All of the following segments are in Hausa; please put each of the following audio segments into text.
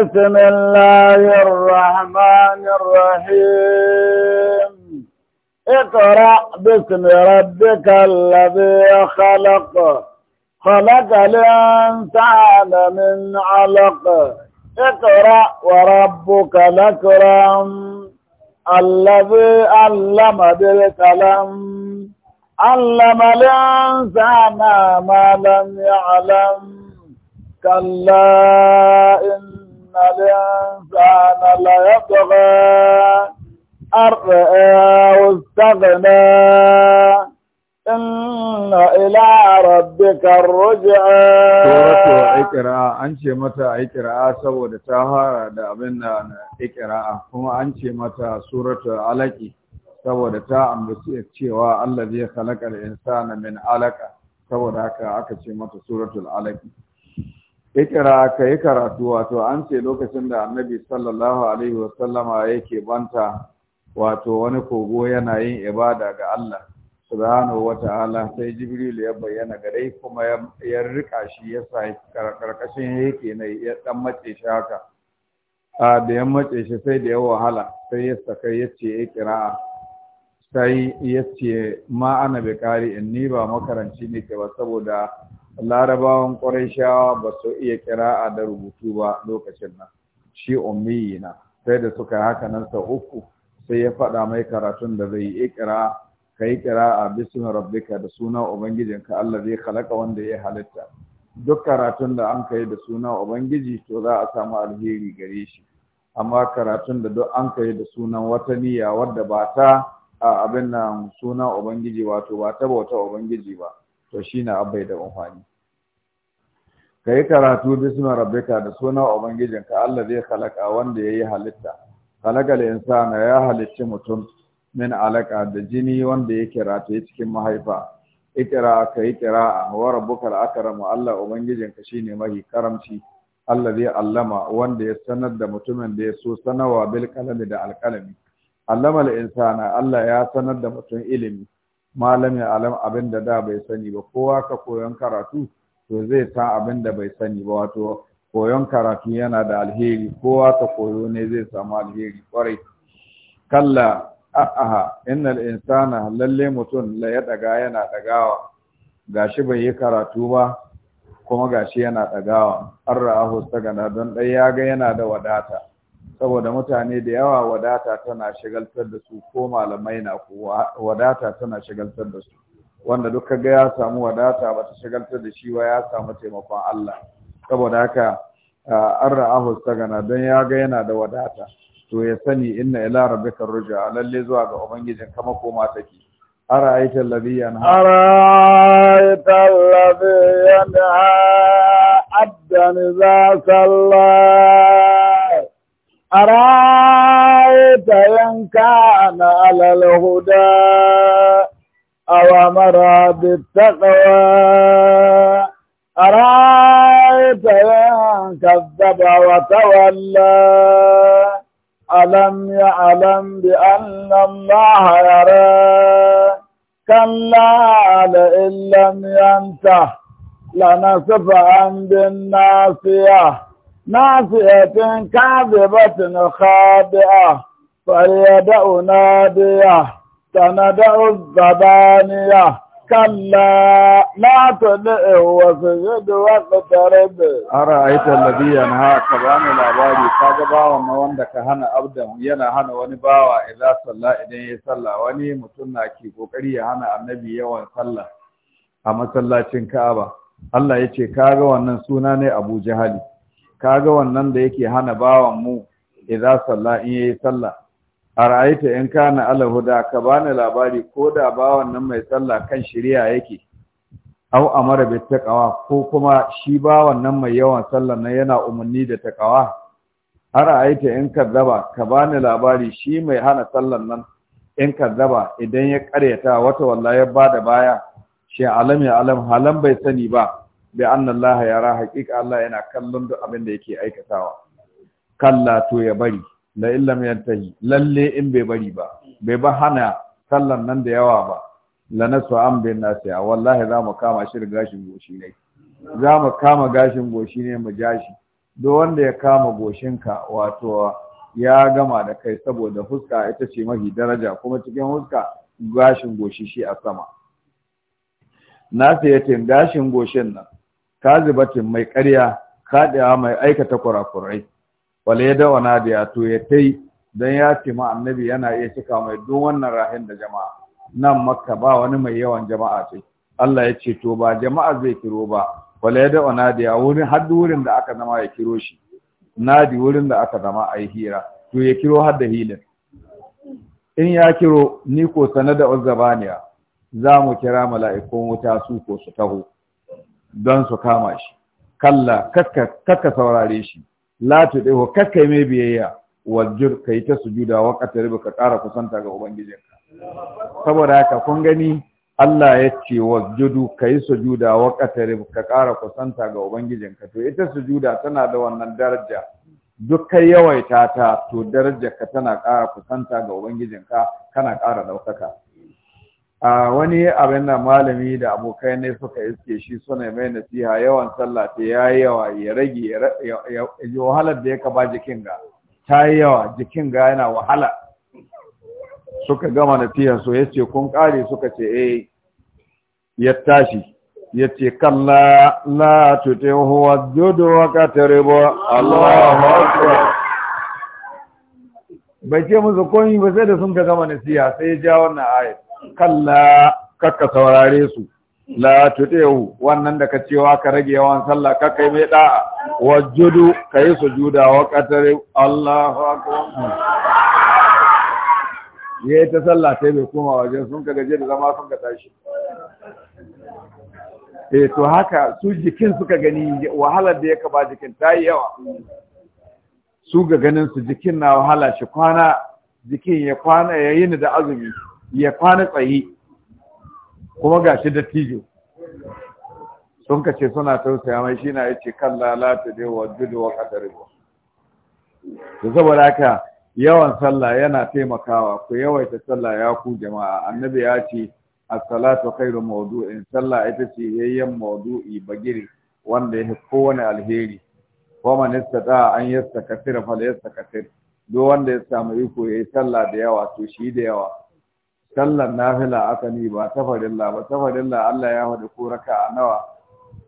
بسم الله الرحمن الرحيم اقرأ باسم ربك الذي خلق خلق الإنسان من علق اقرأ وربك الأكرم الذي علم بالكلام علم الإنسان ما لم يعلم كلا إن الإنسان لا يطغى أرأى واستغنى إن إلى ربك الرجع سورة إقراء أنت متى إقراء سوى تاهارة دابنا إقراء هم أنت متى سورة علكي saboda ta ambaci cewa الذي خلق الإنسان من min alaka saboda haka aka ce mata ikira ka yi karatu wato an ce lokacin da annabi sallallahu alaihi wasallama yake banta wato wani kogo yana yin ibada ga Allah subhanahu ta'ala sai jibril ya bayyana gare kuma ya rika shi ya sa karkashin yake na ya dan mace shi haka a da ya mace shi sai da ya wahala sai ya saka ya ce ikira sai ya ce ma ana bekari in ni ba makaranci ne ke ba saboda larabawan ƙwarishawa ba su iya a da rubutu ba lokacin nan shi ummiyi na sai da suka yi haka nan sau uku sai ya faɗa mai karatun da zai yi kira ka yi kira a bisun rabbika da suna ubangijinka Allah zai halaka wanda ya halitta duk karatun da an kai da suna ubangiji to za a samu alheri gare shi amma karatun da duk an kai da sunan wata niyya wadda ba ta a abin nan suna ubangiji wato ba ta bauta ubangiji ba to shi na abai da amfani ka yi karatu bisma rabbika da suna ubangijinka Allah zai halaka wanda ya yi halitta halakal insana ya halicci mutum min alaka da jini wanda ta yi cikin mahaifa ikira ka yi a wa rabbukal akramu Allah ubangijinka shine mahi karamci Allah zai allama wanda ya sanar da mutumin da ya so sanawa bil kalami da alkalami allama insana Allah ya sanar da mutum ilimi malami alam abin da da bai sani ba kowa ka koyon karatu to zai sa abin da bai sani ba wato koyon karatu yana da alheri kowa ta koyo ne zai samu alheri kwarai kalla a'a innal insana lalle mutum la ya daga yana dagawa gashi bai yi karatu ba kuma gashi yana dagawa an ra'ahu sagana don dai ya ga yana da wadata saboda mutane da yawa wadata tana shigaltar da su ko malamai na ko wadata tana shigaltar da su wanda duk kaga ya samu wadata ba ta shagaltar da shi ba ya samu taimakon Allah saboda haka an ra'ahu sagana don ya ga yana da wadata to ya sani inna ila rabbika ruja lalle zuwa ga ubangijin kama koma take أرأيت الذي ينهى أرأيت الذي ينهى عبدا إذا صلى أرأيت إن كان alal huda أوامر بالتقوى أرأيت من كذب وتولى ألم يعلم بأن الله يرى كلا لئن لم ينته أن بالناصية ناصية كاذبة خاطئة فليدع ناديه sanadau zabaniya kalla na tole ewa sanyo da wata tare da ara aita labiya na haka ba mu labari ta ga bawa na wanda ka hana abdan yana hana wani bawa ila salla idan ya salla wani mutum na ke kokari ya hana annabi yawan salla a masallacin ka'aba allah yace, ce ka ga wannan suna ne abu jihali ka ga wannan da yake hana bawan mu ila salla in ya yi salla a ra'aita in kana ala huda ka bani labari ko da bawan nan mai sallah kan shirya yake au amara bi kawa, ko kuma shi bawan nan mai yawan sallar nan yana umarni da takawa a ra'ayita in kazzaba ka bani labari shi mai hana sallar nan in kazzaba idan ya karyata wata walla ya bada baya shi alam ya alam halan bai sani ba bi annallaha yara haqiqa Allah yana kallon duk abin da yake aikatawa kalla to ya bari la illam yantahi lalle in bai bari ba bai ba hana sallan nan da yawa ba la nasu an bin nasi wallahi za mu kama shi gashin goshi ne za mu kama gashin goshi ne mu ja shi. duk wanda ya kama goshinka wato ya gama da kai saboda fuska ita ce mafi daraja kuma cikin fuska gashin goshi shi a sama na ce gashin goshin nan kazibatin mai karya, kaɗewa mai aikata kurakurai wale ya dawa na da to ya tai dan ya ce ma annabi yana iya cika mai duk wannan rahin da jama'a nan makka ba wani mai yawan jama'a ce Allah ya ce to ba jama'a zai kiro ba wale ya dawa na da wurin har wurin da aka zama ya kiro shi nadi wurin da aka zama a yi hira to ya kiro har da hilin in ya kiro ni ko sanar da uzzabaniya za mu kira mala'ikun wuta su ko su taho don su kama shi kalla kakka saurare shi la tudihu kakkai mai biyayya ka yi ta sujuda wa qatarib ka ƙara kusanta ga ubangijinka saboda haka kun gani Allah ya ce wasjudu kai sujuda wa qatarib ka ƙara kusanta ga ubangijinka to ita sujuda tana da wannan daraja duk kai yawaita ta to darajar ka tana ƙara kusanta ga ubangijinka kana ƙara ɗaukaka a wani abin da malami da abokai ne suka iske shi suna mai nasiha yawan sallah ta ya yawa ya rage ya wahalar da ya kaba jikin ga ta yi yawa jikin ga yana wahala suka gama nasiha so ya ce kun kare suka ce eh ya tashi ya ce kalla la tutin huwa judu wa tare Allahu akbar bai ce musu komai ba sai da sun ka gama nasiha sai ya ja wannan ayat kalla kakka saurare su la tutehu wannan da ka cewa ka rage yawan sallah ka kai mai da wajudu kai sujuda wa qatar Allahu akbar yayi ta sallah sai bai koma waje sun ka gaje da zama sun ka tashi eh to haka su jikin suka gani wahalar da ya ba jikin ta yi yawa su ga ganin su jikin na wahala shi kwana jikin ya kwana ya da azumi ya kwana tsaye kuma ga shi dattijo sun ka ce suna tausaya mai shi na yace kan lalata da wa dudu wa kadari da saboda haka yawan sallah yana taimakawa ku yawaita sallah ya ku jama'a annabi ya ce as-salatu khairu mawdu'in sallah ita ce yayyan mawdu'i bagiri wanda ya kowane alheri wa man istata an yastakathira fal yastakathir duk wanda ya samu iko yayi sallah da yawa to shi da yawa sallar nafila aka ni ba ta farilla ba ta farilla Allah ya faɗi ko raka nawa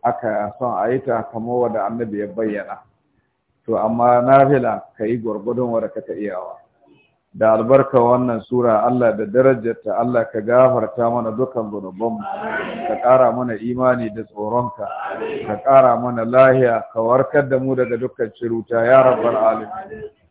aka son a yi ta kamar wanda annabi ya bayyana to amma nafila ka yi gwargwadon wanda ta iyawa da albarka wannan sura Allah da darajarta Allah ka gafarta mana dukkan zunubanmu ka ƙara mana imani da tsoronka ka ƙara mana lahiya ka warkar da mu daga dukkan ciruta ya rabbal alamin